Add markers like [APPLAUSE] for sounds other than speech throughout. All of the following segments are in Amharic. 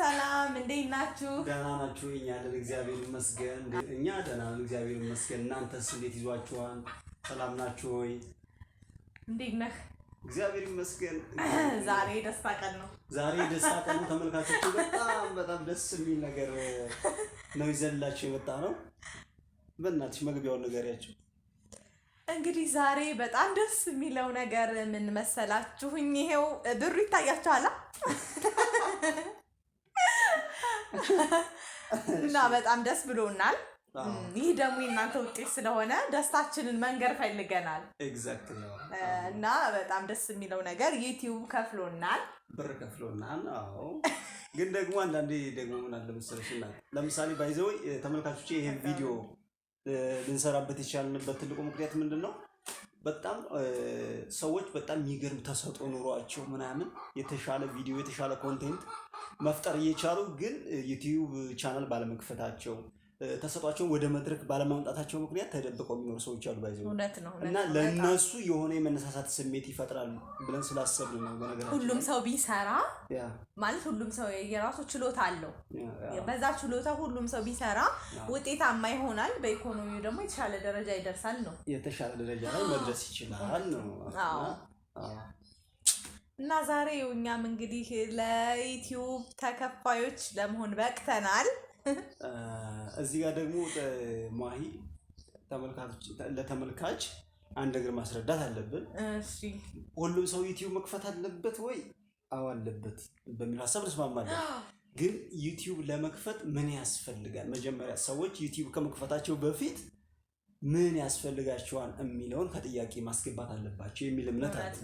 ሰላም እንዴት ናችሁ? ደህና ናችሁ? እኛ ደህና እግዚአብሔር ይመስገን። እኛ ደህና ነን እግዚአብሔር ይመስገን። እናንተስ እንዴት ይዟችኋል? ሰላም ናችሁ ሆይ? እንዴት ነህ? እግዚአብሔር ይመስገን። [CLEARS THROAT] ዛሬ ደስታ ቀን ነው። ዛሬ ደስታ ቀን ነው። ተመልካቾቹ በጣም በጣም ደስ የሚል ነገር ነው ይዘላችሁ የመጣ ነው። በእናትሽ መግቢያውን ንገሪያቸው። እንግዲህ ዛሬ በጣም ደስ የሚለው ነገር ምን መሰላችሁኝ? ይሄው ብሩ ይታያችኋላ እና በጣም ደስ ብሎናል። ይህ ደግሞ የእናንተ ውጤት ስለሆነ ደስታችንን መንገድ ፈልገናል እና በጣም ደስ የሚለው ነገር ዩቲዩብ ከፍሎናል፣ ብር ከፍሎናል። ግን ደግሞ አንዳንዴ ደግሞ ምን አለ መሰለሽ ለምሳሌ ባይዘው ተመልካቾች ይህን ቪዲዮ ልንሰራበት የቻልንበት ትልቁ ምክንያት ምንድን ነው? በጣም ሰዎች በጣም የሚገርም ተሰጦ ኑሯቸው ምናምን የተሻለ ቪዲዮ የተሻለ ኮንቴንት መፍጠር እየቻሉ ግን ዩቲዩብ ቻናል ባለመክፈታቸው ተሰጧቸውን ወደ መድረክ ባለማምጣታቸው ምክንያት ተደብቀው የሚኖሩ ሰዎች አሉ። ባይዘ እና ለእነሱ የሆነ የመነሳሳት ስሜት ይፈጥራል ብለን ስላሰብ ነው። በነገራችን ሁሉም ሰው ቢሰራ ማለት ሁሉም ሰው የራሱ ችሎታ አለው። በዛ ችሎታ ሁሉም ሰው ቢሰራ ውጤታማ ይሆናል፣ በኢኮኖሚው ደግሞ የተሻለ ደረጃ ይደርሳል ነው የተሻለ ደረጃ ላይ መድረስ ይችላል ነው እና ዛሬ እኛም እንግዲህ ለዩቲዩብ ተከፋዮች ለመሆን በቅተናል። እዚህ ጋር ደግሞ ማሂ ለተመልካች አንድ ነገር ማስረዳት አለብን። ሁሉም ሰው ዩቲዩብ መክፈት አለበት ወይ? አዎ አለበት በሚል ሀሳብ እንስማማለን። ግን ዩቲዩብ ለመክፈት ምን ያስፈልጋል? መጀመሪያ ሰዎች ዩቲዩብ ከመክፈታቸው በፊት ምን ያስፈልጋቸዋል የሚለውን ከጥያቄ ማስገባት አለባቸው የሚል እምነት አለ።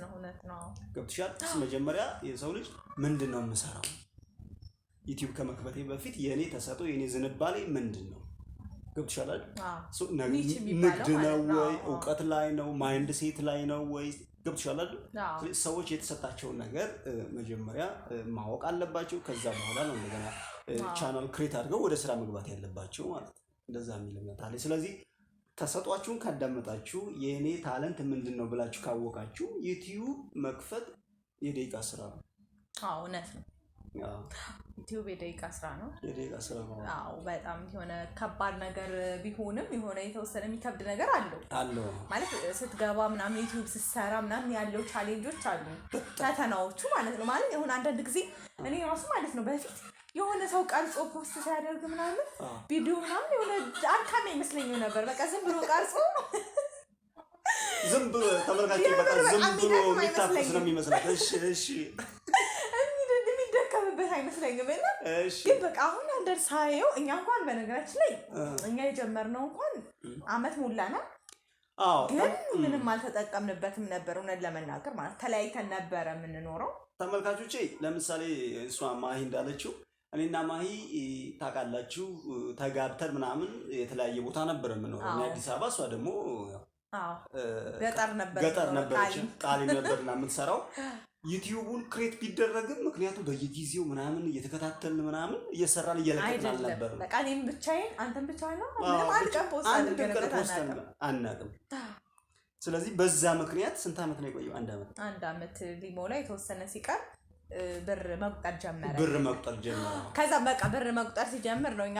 ገብትሻል? መጀመሪያ የሰው ልጅ ምንድን ነው የምሰራው? ዩቲዩብ ከመክበቴ በፊት የእኔ ተሰጦ የእኔ ዝንባሌ ምንድን ነው? ገብትሻል? ንግድ ነው ወይ እውቀት ላይ ነው ማይንድ ሴት ላይ ነው ወይ? ገብትሻል? ሰዎች የተሰጣቸውን ነገር መጀመሪያ ማወቅ አለባቸው። ከዛ በኋላ ነው እንደገና ቻናል ክሬት አድርገው ወደ ስራ መግባት ያለባቸው ማለት ነው። እንደዛ የሚል እምነት አለ። ስለዚህ ተሰጧችሁን ካዳመጣችሁ የእኔ ታለንት ምንድን ነው ብላችሁ ካወቃችሁ ዩቲዩብ መክፈት የደቂቃ ስራ ነው። እውነት ነው። ዩቲዩብ የደቂቃ ስራ ነው። የደቂቃ ስራ ነው። በጣም የሆነ ከባድ ነገር ቢሆንም የሆነ የተወሰነ የሚከብድ ነገር አለው አለው ማለት ስትገባ ምናምን ዩቲዩብ ስትሰራ ምናምን ያለው ቻሌንጆች አሉ፣ ፈተናዎቹ ማለት ነው። ማለት የሆነ አንዳንድ ጊዜ እኔ ራሱ ማለት ነው በፊት የሆነ ሰው ቀርጾ ፖስት ሲያደርግ ምናምን ቪዲዮ ምናምን የሆነ አድካሚ ይመስለኝ ነበር። በቃ ዝም ብሎ ቀርጾ ዝም ብሎ ዝም ብሎ የሚታፈስ ነው የሚመስላት። እሺ እሺ የሚደከምበት አይመስለኝም። እና ግን በቃ አሁን አንደር ሳየው እኛ እንኳን በነገራችን ላይ እኛ የጀመርነው እንኳን አመት ሞላናል። ግን ምንም አልተጠቀምንበትም ነበር፣ እውነት ለመናገር ማለት ተለያይተን ነበረ የምንኖረው። ተመልካቾቼ ለምሳሌ እሷ ማሂ እንዳለችው እኔና ማሂ ታውቃላችሁ ተጋብተን ምናምን የተለያየ ቦታ ነበር የምኖረው እና አዲስ አበባ እሷ ደግሞ ገጠር ነበረች፣ ነበር ነበርና የምትሰራው [LAUGHS] ዩቲዩቡን ክሬት ቢደረግም ምክንያቱም በየጊዜው ምናምን እየተከታተልን ምናምን እየሰራን እየለቀቅን አልነበርም። እኔም ብቻዬን አንተም ብቻ ነው ስለዚህ በዛ ምክንያት ስንት ዓመት ነው የቆየው? አንድ ዓመት አንድ ዓመት ሊሞ የተወሰነ ሲቀር ብር መቁጠር ጀመረ። ብር መቁጠር ጀመረ። ከዛ በቃ ብር መቁጠር ሲጀምር ነው እኛ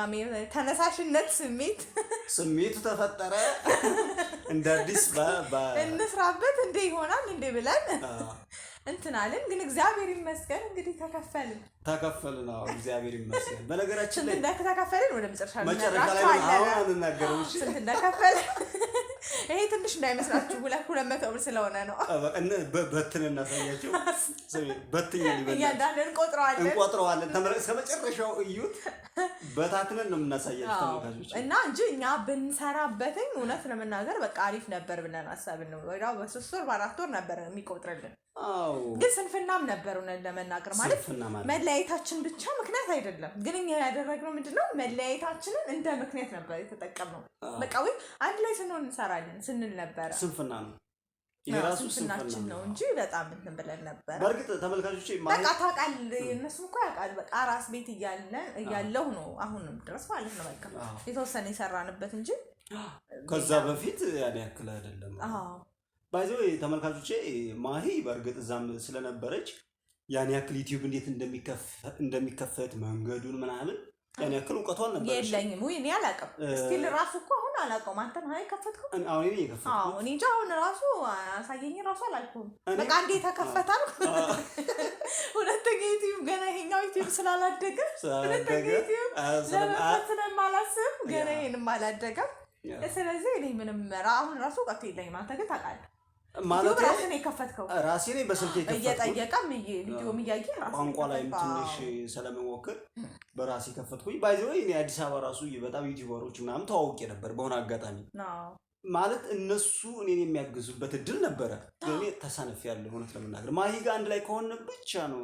ተነሳሽነት ስሜት [LAUGHS] ስሜቱ ተፈጠረ። እንደ አዲስ እንስራበት እንደ ይሆናል እንደ ብለን [LAUGHS] እንትን አልን። ግን እግዚአብሔር ይመስገን እንግዲህ ተከፈልን ተከፈልን። አዎ እግዚአብሔር ይመስገን። በነገራችን ላይ ስንት እንደተከፈልን ወደ መጨረሻ መጨረሻ ላይ አሁን አንናገረው ስንት እንደከፈልን ይሄ ትንሽ እንዳይመስላችሁ ሁለት መቶ ብር ስለሆነ ነው። በትን እናሳያቸው። በትኛ እያንዳንድ እንቆጥረዋለን እንቆጥረዋለን። ከመጨረሻው እዩት። በታትንን ነው የምናሳያቸው እና እንጂ እኛ ብንሰራበትኝ እውነት ለመናገር በቃ አሪፍ ነበር ብለን ሀሳብን ነው በሶስት ወር በአራት ወር ነበር የሚቆጥርልን ግን ስንፍናም ነበር። እውነት ለመናገር ማለት መለያየታችን ብቻ ምክንያት አይደለም። ግን እኛ ያደረግነው ምንድነው መለያየታችንን እንደ ምክንያት ነበር የተጠቀምነው። በቃ ወይም አንድ ላይ ስንሆን እንሰራለን ስንል ነበረ። ስንፍና ነው ስንፍናችን ነው እንጂ በጣም እንትን ብለን ነበረ። በእርግጥ ተመልካቾች በቃ እነሱም እኮ ያውቃል። በቃ አራስ ቤት እያለሁ ነው አሁንም ድረስ ማለት ነው በቃ የተወሰነ የሰራንበት እንጂ ከዛ በፊት ያን ያክል አይደለም። ባይዘ ተመልካቾች ማሂ በእርግጥ እዛም ስለነበረች ያን ያክል ዩቲዩብ እንዴት እንደሚከፈት መንገዱን ምናምን ያን ያክል እውቀቱ አልነበረች። የለኝም ወይ አላውቅም። ስቲል ራሱ እኮ አሁን አላውቀውም። አንተ ሀይ ከፈትከው አሁን እኔ የከፈትኩ እኔ እንጂ አሁን ራሱ አሳየኝ ራሱ አላልኩም። በቃ እንዴ ተከፈታል። [LAUGHS] ሁለተኛ ዩቲዩብ ገና ይሄኛው ዩቲዩብ ስላላደገ ሁለተኛ ዩቲዩብ ለመፈት ስለማላስብ ገና ይሄንም አላደገም። ስለዚህ እኔ ምንም አሁን ራሱ እውቀቱ የለኝም። አንተ ግን ታውቃለህ ማለት ራስን የከፈትከው ራሴ ነኝ በስልክ እየጠየቀም ቪዲዮም እያየ ቋንቋ ላይም ትንሽ ስለመሞክር በራሴ ከፈትኩኝ። ባይዘ እኔ አዲስ አበባ ራሱ በጣም ዩቲዩበሮች ምናምን ተዋውቄ ነበር በሆነ አጋጣሚ ማለት እነሱ እኔን የሚያግዙበት እድል ነበረ። እኔ ተሳነፍ ያለ እውነት ለመናገር ማሂ ጋር አንድ ላይ ከሆነ ብቻ ነው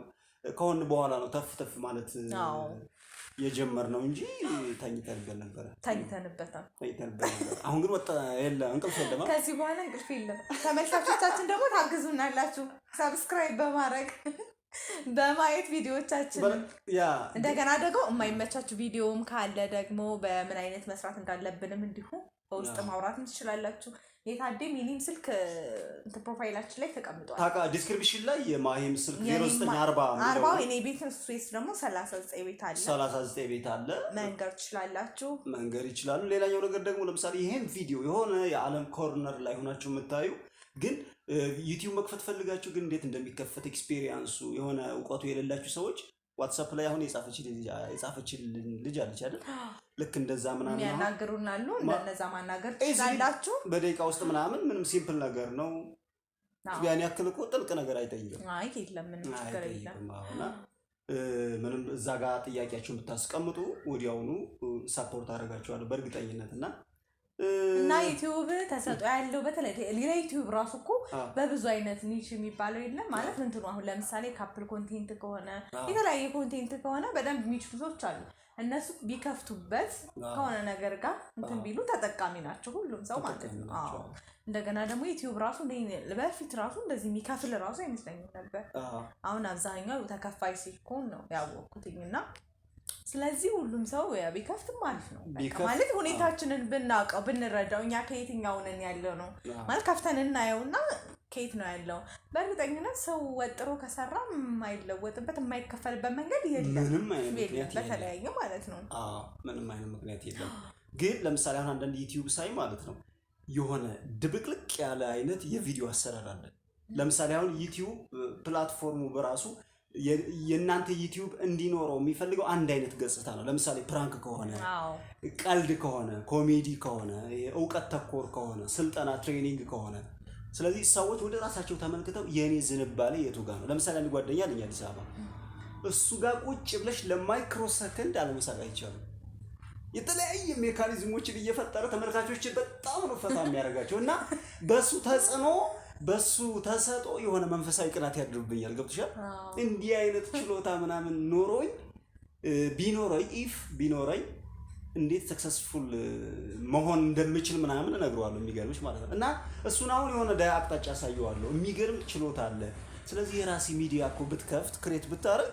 ከሆን በኋላ ነው ተፍ ተፍ ማለት የጀመርነው እንጂ ተኝተንበት ነበረ። ተኝተንበታል አሁን ግን ወጣ የለ እንቅልፍ የለም። ከዚህ በኋላ እንቅልፍ የለም። ተመልካቾቻችን ደግሞ ታግዙናላችሁ ሰብስክራይብ በማድረግ በማየት ቪዲዮቻችን እንደገና ደግሞ የማይመቻችሁ ቪዲዮም ካለ ደግሞ በምን አይነት መስራት እንዳለብንም እንዲሁ በውስጥ ማውራትም ትችላላችሁ። የታዴ ሚኒም ስልክ ፕሮፋይላችን ላይ ተቀምጧል። ዲስክሪፕሽን ላይ የማሂም ስልክ አርባው የኔ ቤት እሱ ስ ደግሞ ሰላሳ ዘጠኝ ቤት አለ ሰላሳ ዘጠኝ ቤት አለ። መንገር ትችላላችሁ፣ መንገር ይችላሉ። ሌላኛው ነገር ደግሞ ለምሳሌ ይሄን ቪዲዮ የሆነ የዓለም ኮርነር ላይ ሆናችሁ የምታዩ ግን ዩቲዩብ መክፈት ፈልጋችሁ ግን እንዴት እንደሚከፈት ኤክስፔሪየንሱ የሆነ እውቀቱ የሌላችሁ ሰዎች ዋትሳፕ ላይ አሁን የጻፈችልን ልጅ አለች አይደል? [GASPS] ልክ እንደዛ ምናምን ያናግሩን እንደነዛ ማናገር ትችላላችሁ በደቂቃ ውስጥ ምናምን። ምንም ሲምፕል ነገር ነው። ያን ያክል እኮ ጥልቅ ነገር አይጠይቅም። አይ ምንም ምንም እዛ ጋር ጥያቄያችሁን ብታስቀምጡ ወዲያውኑ ሳፖርት አደርጋችኋለሁ በእርግጠኝነት እና እና ዩቲዩብ ተሰጦ ያለው በተለይ ሌላ ዩቲዩብ ራሱ እኮ በብዙ አይነት ኒች የሚባለው የለም ማለት እንትኑ አሁን ለምሳሌ ካፕል ኮንቴንት ከሆነ የተለያየ ኮንቴንት ከሆነ በደንብ የሚችሉ ሰዎች አሉ። እነሱ ቢከፍቱበት ከሆነ ነገር ጋር እንትን ቢሉ ተጠቃሚ ናቸው ሁሉም ሰው ማለት ነው። እንደገና ደግሞ ዩቲዩብ ራሱ በፊት ራሱ እንደዚህ የሚከፍል ራሱ አይመስለኝም ነበር። አሁን አብዛኛው ተከፋይ ሲሆን ነው ያወቅኩትኝ እና ስለዚህ ሁሉም ሰው ቢከፍትም አሪፍ ነው ማለት ሁኔታችንን ብናውቀው ብንረዳው፣ እኛ ከየትኛውንን ያለው ነው ማለት ከፍተን እናየውና ከየት ነው ያለው። በእርግጠኝነት ሰው ወጥሮ ከሰራ የማይለወጥበት የማይከፈልበት መንገድ የለምበተለያየ ማለት ነው። ምንም አይነት ምክንያት የለም። ግን ለምሳሌ አሁን አንዳንድ ዩቲዩብ ሳይ ማለት ነው የሆነ ድብቅልቅ ያለ አይነት የቪዲዮ አሰራር አለ። ለምሳሌ አሁን ዩቲዩብ ፕላትፎርሙ በራሱ የእናንተ ዩቲዩብ እንዲኖረው የሚፈልገው አንድ አይነት ገጽታ ነው። ለምሳሌ ፕራንክ ከሆነ፣ ቀልድ ከሆነ፣ ኮሜዲ ከሆነ፣ እውቀት ተኮር ከሆነ፣ ስልጠና ትሬኒንግ ከሆነ ስለዚህ ሰዎች ወደ ራሳቸው ተመልክተው የእኔ ዝንባሌ የቱ ጋር ነው። ለምሳሌ አንድ ጓደኛ አለኝ አዲስ አበባ። እሱ ጋር ቁጭ ብለሽ ለማይክሮ ሰከንድ አለመሳቅ አይቻልም። የተለያየ ሜካኒዝሞችን እየፈጠረ ተመልካቾችን በጣም ነው ፈታ የሚያደርጋቸው እና በእሱ ተጽዕኖ በሱ ተሰጦ የሆነ መንፈሳዊ ቅናት ያድርብኛል። ገብቶሻል? እንዲህ አይነት ችሎታ ምናምን ኖሮኝ ቢኖረኝ ኢፍ ቢኖረኝ እንዴት ሰክሰስፉል መሆን እንደምችል ምናምን እነግረዋለሁ። የሚገርምሽ ማለት ነው። እና እሱን አሁን የሆነ አቅጣጫ ያሳየዋለሁ። የሚገርም ችሎታ አለ። ስለዚህ የራሴ ሚዲያ እኮ ብትከፍት ክሬት ብታደርግ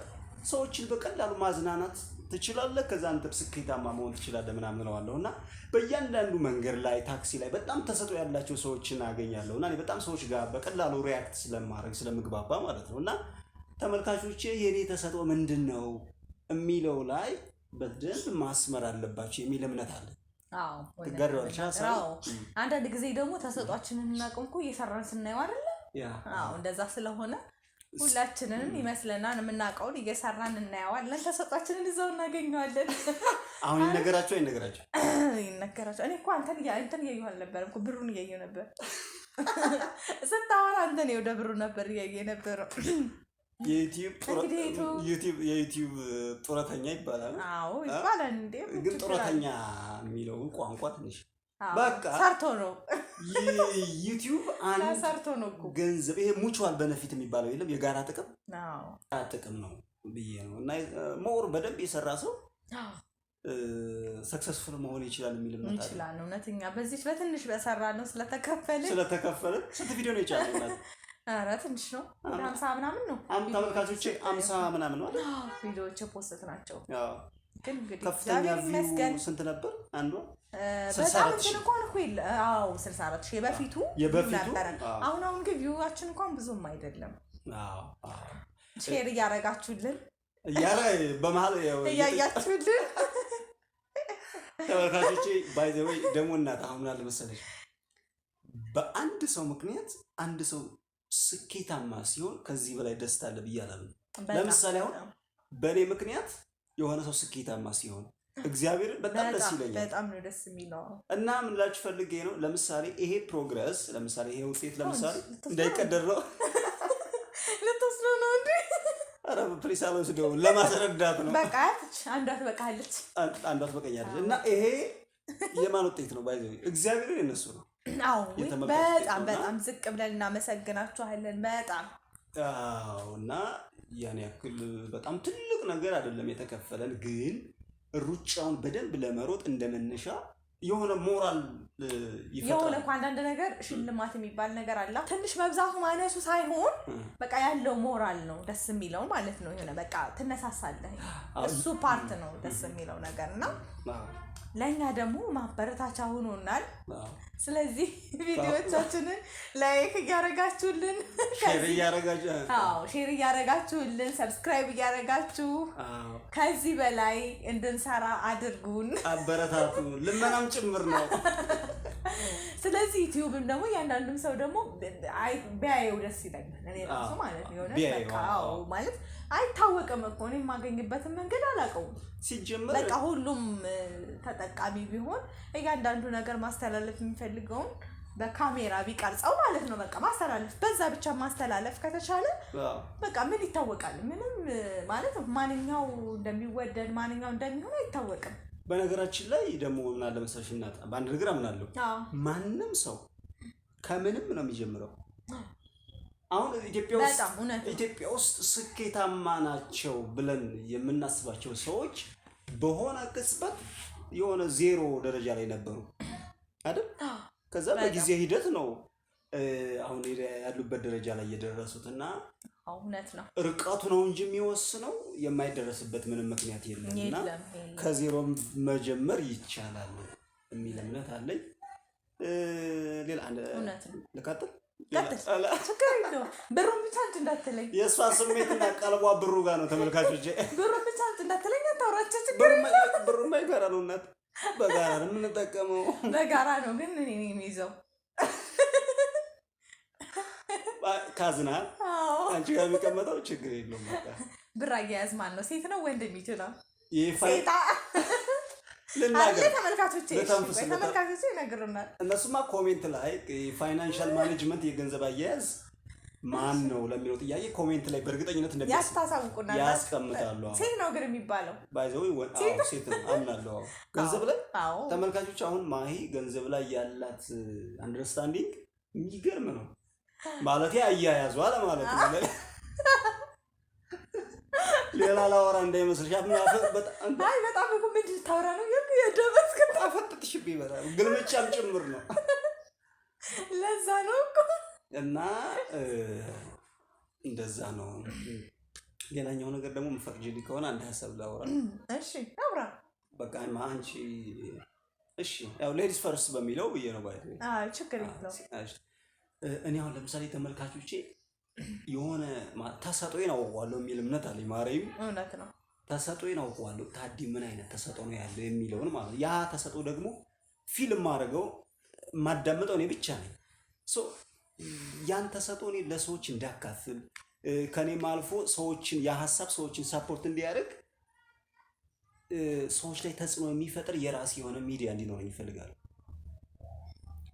ሰዎችን በቀላሉ ማዝናናት ትችላለህ፣ ከዛ አንተ ስኬታማ መሆን ትችላለህ ምናምን እለዋለሁ እና በእያንዳንዱ መንገድ ላይ ታክሲ ላይ በጣም ተሰጦ ያላቸው ሰዎችን አገኛለሁ እና በጣም ሰዎች ጋር በቀላሉ ሪያክት ስለማድረግ ስለምግባባ ማለት ነው እና ተመልካቾቼ የእኔ ተሰጥኦ ምንድን ነው የሚለው ላይ በደንብ ማስመር አለባቸው የሚል እምነት አለ። አንዳንድ ጊዜ ደግሞ ተሰጧችንን እናቅምኩ እየሰራን ስናየው አይደለ እንደዛ ስለሆነ ሁላችንንም ይመስለናል የምናውቀውን እየሰራን እናየዋለን። ተሰጧችንን እዛው እናገኘዋለን። አሁን ይነገራቸው ይነገራቸው ይነገራቸው። እኔ እኮ አንተን አንተን እያየሁ አልነበረም እኮ ብሩን እያየሁ ነበር ስታወራ፣ አንተን ወደ ብሩ ነበር እያየ ነበረው። የዩቲዩብ ጡረተኛ ይባላል። ይባላል። እንዴ ግን ጡረተኛ የሚለውን ቋንቋ ትንሽ በቃ ሰርቶ ነው ዩቲዩብ አንድ ሰርቶ ነው እኮ ገንዘብ። ይሄ ሙቹዋል በነፊት የሚባለው የለም የጋራ ጥቅም ጥቅም ነው ብዬ ነው እና መር በደንብ የሰራ ሰው ሰክሰስፉል መሆን ይችላል የሚል ይችላል። እውነተኛ በዚህ በትንሽ በሰራ ነው ስለተከፈለ ስለተከፈለ ስንት ቪዲዮ ነው የቻለ? ኧረ ትንሽ ነው ሀምሳ ምናምን ነው ተመልካቾቼ፣ ሀምሳ ምናምን ነው ቪዲዮዎች ፖስት ናቸው። ግን እንግዲህ ከፍተኛ ቪው ስንት ነበር? በጣም እንኳን ሺህ ነበረን። አሁን አሁን ግን ቪዋችን እንኳን ብዙም አይደለም። ሼር በመሀል እያያችሁልን [LAUGHS] ባይ ዘ ወይ ደግሞ እናት አሁን መሰለሽ በአንድ ሰው ምክንያት አንድ ሰው ስኬታማ ሲሆን ከዚህ በላይ ደስታ አለ ብዬ ለምሳሌ አሁን በእኔ ምክንያት የሆነ ሰው ስኬታማ ሲሆን እግዚአብሔርን በጣም ደስ ይለኛል። በጣም ነው ደስ የሚለው እና ምን ላችሁ ፈልጌ ነው። ለምሳሌ ይሄ ፕሮግረስ፣ ለምሳሌ ይሄ ውጤት፣ ለምሳሌ እንዳይቀደር ነው [LAUGHS] ልትወስዶ ነው እንዴ? ኧረ ፕሊስ አልወስደውም፣ ለማስረዳት ነው። በቃች አንዷት በቃለች፣ አንዷት በቀኛለች። እና ይሄ የማን ውጤት ነው? ባይዘ እግዚአብሔርን የነሱ ነው። በጣም በጣም ዝቅ ብለን እናመሰግናችኋለን በጣም እና ያን ያክል በጣም ትልቅ ነገር አይደለም የተከፈለን፣ ግን ሩጫውን በደንብ ለመሮጥ እንደ የሆነ ሞራል የሆነ እኮ አንዳንድ ነገር ሽልማት የሚባል ነገር አለ። ትንሽ መብዛቱ ማነሱ ሳይሆን በቃ ያለው ሞራል ነው ደስ የሚለው ማለት ነው። የሆነ በቃ ትነሳሳለህ፣ እሱ ፓርት ነው ደስ የሚለው ነገር እና ለእኛ ደግሞ ማበረታቻ ሆኖናል። ስለዚህ ቪዲዮቻችንን ላይክ እያረጋችሁልን፣ ሼር እያረጋችሁልን፣ ሰብስክራይብ እያረጋችሁ ከዚህ በላይ እንድንሰራ አድርጉን፣ አበረታቱ። ልመናም ጭምር ነው። [LAUGHS] ስለዚህ ዩቲዩብም ደግሞ እያንዳንዱም ሰው ደግሞ ቢያየው ደስ ይለኛል። እኔ ራሱ ማለት የሆነ ማለት አይታወቅም እኮ እኔ የማገኝበትን መንገድ አላውቀውም። ሲጀምር በቃ ሁሉም ተጠቃሚ ቢሆን እያንዳንዱ ነገር ማስተላለፍ የሚፈልገውን በካሜራ ቢቀርጸው ማለት ነው። በቃ ማስተላለፍ በዛ ብቻ ማስተላለፍ ከተቻለ በቃ ምን ይታወቃል? ምንም ማለት ማንኛው እንደሚወደድ ማንኛው እንደሚሆን አይታወቅም። በነገራችን ላይ ደግሞ ምን አለ መሰለሽ እናት በአንድ ነገር አምናለሁ። ማንም ሰው ከምንም ነው የሚጀምረው። አሁን ኢትዮጵያ ውስጥ ኢትዮጵያ ውስጥ ስኬታማ ናቸው ብለን የምናስባቸው ሰዎች በሆነ ቅጽበት የሆነ ዜሮ ደረጃ ላይ ነበሩ አይደል? ከዛ በጊዜ ሂደት ነው አሁን ያሉበት ደረጃ ላይ የደረሱት እና እውነት ነው። ርቀቱ ነው እንጂ የሚወስነው የማይደረስበት ምንም ምክንያት የለም እና ከዜሮም መጀመር ይቻላል የሚል እምነት አለኝ። ሌላ ልቀጥል ብሩን ብቻ እንዳትለኝ የእሷ ስሜት እና ቀልቧ ብሩ ጋር ነው። ተመልካቾች ብሩን ብቻ እንዳትለኝ አታውራቸው። ችግር ብሩ የማይፈራ ነው። እናት በጋራ ነው የምንጠቀመው፣ በጋራ ነው ግን እኔ የሚይዘው ካዝና አንቺ ጋር የሚቀመጠው ችግር የለውም። ብር አያያዝ ማን ነው? ሴት ነው ወንድ? የሚችለው ተመልካቾቼ ይነግሩናል። እነሱማ ኮሜንት ላይ የፋይናንሻል ማኔጅመንት የገንዘብ አያያዝ ማን ነው ለሚለው ጥያቄ ኮሜንት ላይ በእርግጠኝነት እንደሚያስታውቁና ያስቀምጣሉ። ሴት ነው ግን የሚባለው ባይዘው ሴት ነው አምናለሁ። ገንዘብ ላይ ተመልካቾች፣ አሁን ማሂ ገንዘብ ላይ ያላት አንደርስታንዲንግ uh, የሚገርም ነው። ማለት አያያዙ አለ ማለት ነው። ሌላ ላወራ እንዳይመስልሽ። አይ በጣም እኮ ምን ልታወራ ነው? የደበስክን አፈጥጥሽብኝ። በጣም ግልምጫም ጭምር ነው። ለዛ ነው እኮ እና እንደዛ ነው። ሌላኛው ነገር ደግሞ የምትፈቅጂልኝ ከሆነ አንድ ሀሳብ ላወራ። እሺ አውራ። በቃ አንቺ እሺ፣ ያው ሌዲስ ፈርስ በሚለው ብዬ ነው። ችግር የለውም እኔ አሁን ለምሳሌ ተመልካቾቼ የሆነ ተሰጦዬን አውቀዋለሁ የሚል እምነት አለ። ማርያም እውነት ነው። ተሰጦዬን አውቀዋለሁ ታዲ ምን አይነት ተሰጦ ነው ያለው የሚለውን ማለት ነው። ያ ተሰጦ ደግሞ ፊልም ማድረገው የማዳምጠው እኔ ብቻ ነኝ። ያን ተሰጦ እኔ ለሰዎች እንዳካፍል ከኔም አልፎ ሰዎችን የሀሳብ ሰዎችን ሰፖርት እንዲያደርግ ሰዎች ላይ ተጽዕኖ የሚፈጥር የራሴ የሆነ ሚዲያ እንዲኖረኝ ይፈልጋሉ።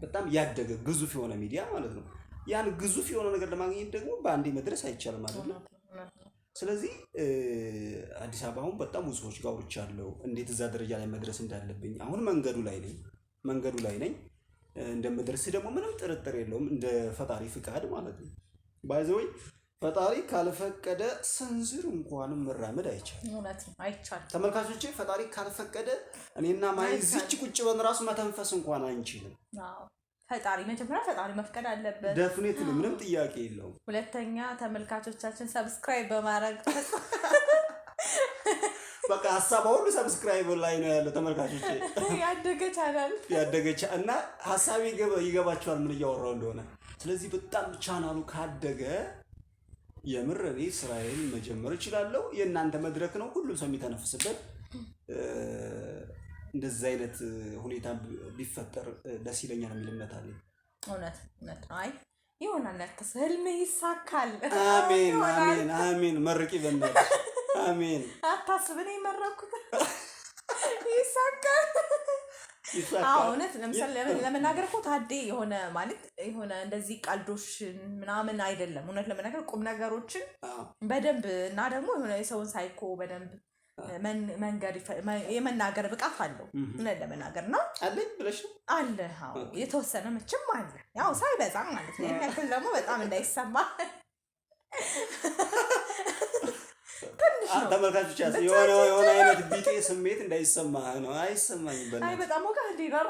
በጣም ያደገ ግዙፍ የሆነ ሚዲያ ማለት ነው። ያን ግዙፍ የሆነ ነገር ለማግኘት ደግሞ በአንዴ መድረስ አይቻልም ነው። ስለዚህ አዲስ አበባ አሁን በጣም ብዙ ሰዎች ጋር አውርቻለሁ፣ እንዴት እዛ ደረጃ ላይ መድረስ እንዳለብኝ። አሁን መንገዱ ላይ ነኝ፣ መንገዱ ላይ ነኝ። እንደምደርስ ደግሞ ምንም ጥርጥር የለውም፣ እንደ ፈጣሪ ፍቃድ ማለት ነው ባይዘወይ ፈጣሪ ካልፈቀደ ስንዝር እንኳን መራመድ አይቻልም። ተመልካቾች፣ ፈጣሪ ካልፈቀደ እኔና ማይ ዝች ቁጭ በን ራሱ መተንፈስ እንኳን አንችልም። ፈጣሪ መጀመሪያ ፈጣሪ መፍቀድ አለበት። ደፍኔት ምንም ጥያቄ የለውም። ሁለተኛ ተመልካቾቻችን ሰብስክራይብ በማድረግ [LAUGHS] በቃ ሀሳብ ሁሉ ሰብስክራይብ ላይ ነው ያለው። ተመልካቾች [LAUGHS] ያደገ ቻናል ያደገ እና ሀሳቢ ይገባቸዋል ምን እያወራው እንደሆነ። ስለዚህ በጣም ቻናሉ ካደገ የምር እኔ ስራዬን መጀመር እችላለሁ። የእናንተ መድረክ ነው፣ ሁሉም ሰው የሚተነፍስበት። እንደዚህ አይነት ሁኔታ ቢፈጠር ደስ ይለኛል የሚል እምነት አለኝ። እውነት እውነት። አይ ይሆናል፣ ያልከስ ህልም ይሳካል። አሜን አሜን አሜን። መርቂ በእናትሽ አሜን። አታስብ፣ እኔ መረኩት ይሳካል። እውነት ለመናገር እኮ ታዴ የሆነ ማለት የሆነ እንደዚህ ቀልዶችን ምናምን አይደለም። እውነት ለመናገር ቁም ነገሮችን በደንብ እና ደግሞ የሆነ የሰውን ሳይኮ በደንብ መንገድ የመናገር ብቃት አለው። እውነት ለመናገር ነው አለኝ ብለሽ አለ የተወሰነ መቼም አለ ያው ሳይበዛም ማለት ነው። ያክል ደግሞ በጣም እንዳይሰማ ተመልካቾች የሆነ የሆነ አይነት ቢጤ ስሜት እንዳይሰማ ነው። አይሰማኝም። በእናትህ አይ፣ በጣም ወቃ እንዴ ጋራ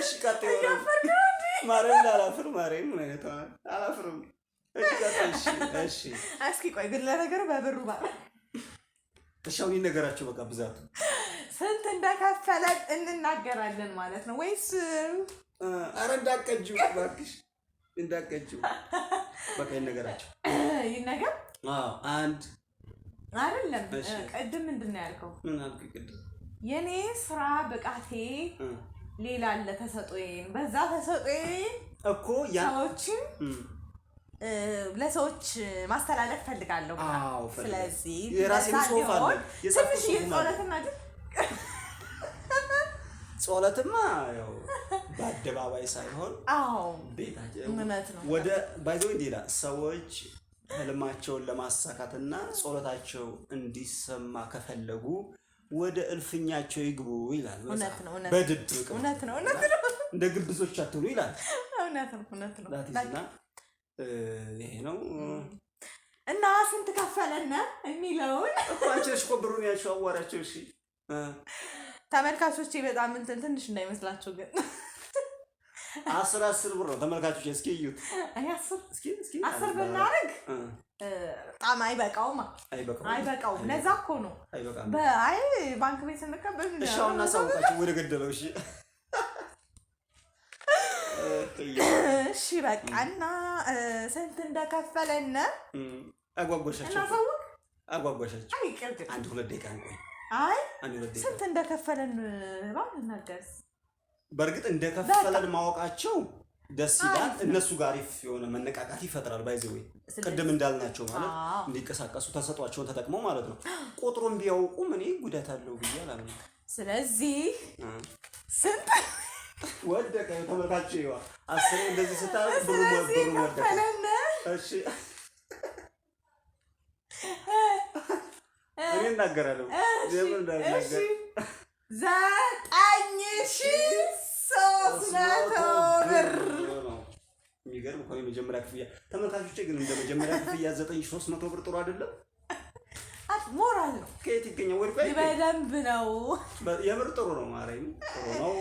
እሺ፣ ቀጥ የሆነ ላላፍር ማርያም ምን አይነት አላፍርም። እሺ፣ እስኪ ቆይ ግን ለነገሩ በብሩ ባ እሺ፣ ይነገራቸው በቃ ብዛቱ ስንት እንደከፈለ እንናገራለን ማለት ነው ወይስ? ኧረ እንዳቀጅው እባክሽ እንዳቀጅው በቃ ይነገራቸው። ይሄን ነገር አንድ አይደለም። ቅድም ምንድን ነው ያልከው? የኔ ስራ ብቃቴ ሌላ አለ ተሰጦዬን፣ በዛ ተሰጦዬን እኮ ሰዎችን ለሰዎች ማስተላለፍ እፈልጋለሁ ስለዚህ ትንሽ ጸሎትና ጸሎትማ ያው በአደባባይ ሳይሆን ቤታቸው ወደ ባይዘው እንዲላ ሰዎች ህልማቸውን ለማሳካትና ጸሎታቸው እንዲሰማ ከፈለጉ ወደ እልፍኛቸው ይግቡ ይላል። በድብቅ እውነት ነው፣ እንደ ግብዞች አትሉ ይላል። እውነት ነው። ይሄ ነው እና ስንት ከፈለነ የሚለውን እኳቸው ኮብሩን ያቸው አዋራቸው። ተመልካቾች በጣም እንትን ትንሽ እንዳይመስላቸው ግን አስር አስር ብር ነው ተመልካቾች፣ እስኪ እዩት። አስር ብናደርግ በጣም አይበቃውማ፣ አይበቃውም። ለዛ እኮ ነው አይ ባንክ ቤት ስንቀበል እሻው እናሳውቃቸው ወደ ገደለው። እሺ እሺ፣ በቃ እና ስንት እንደከፈለን አጓጓሻቸው፣ አጓጓሻቸው። አንድ ሁለት ደቂቃ እንቆይ። አይ ስንት እንደከፈለን ባል ነገር በእርግጥ እንደከፈለን ማወቃቸው ደስ ይላል። እነሱ ጋር አሪፍ የሆነ መነቃቃት ይፈጥራል። ወይ ቅድም እንዳልናቸው ማለት እንዲንቀሳቀሱ ተሰጧቸውን ተጠቅመው ማለት ነው። ቁጥሩን ቢያውቁም እኔ ጉዳት አለው ብዬ አላምንም። ስለዚህ ስንት ወደቀ? ተመልካች ይዋ አስሬ እንደዚህ ስታረግ ብሩ ብሩ ወደቀ። እሺ እኔ እናገራለሁ። ዘጠኝ ሺህ የሚገርም እኮ የመጀመሪያ ክፍያ ተመልካቾቼ፣ ግን እንደ መጀመሪያ ክፍያ ዘጠኝ ሺህ መቶ ብር ጥሩ አይደለም። ሞራል ከየት ይገኛል? ወድቆ በደንብ ነው። የምር ጥሩ ነው። ማርያም ጥሩ ነው።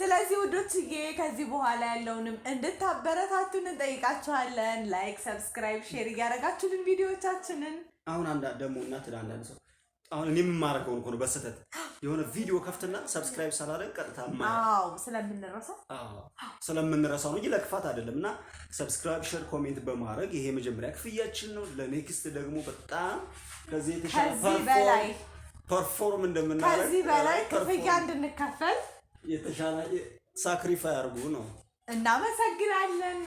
ስለዚህ ውዶችዬ ከዚህ በኋላ ያለውንም እንድታበረታቱን እንጠይቃችኋለን። ላይክ፣ ሰብስክራይብ፣ ሼር እያደረጋችሁልን ቪዲዮዎቻችንን አሁን አንዳንድ ደግሞ እናት ለአንዳንድ ሰው አሁን እኔ የምማረገው ነው በስህተት የሆነ ቪዲዮ ከፍትና ሰብስክራይብ ሳላደርግ ቀጥታ ስለምንረሳው ስለምንረሳው ነው እንጂ ለክፋት አይደለም። እና ሰብስክራይብ፣ ሼር፣ ኮሜንት በማድረግ ይሄ መጀመሪያ ክፍያችን ነው። ለኔክስት ደግሞ በጣም ከዚህ የተሻለ ፐርፎርም እንደምናደርግ ከዚህ በላይ ክፍያ እንድንከፈል የተሻለ ሳክሪፋይ አድርጉ ነው። እናመሰግናለን።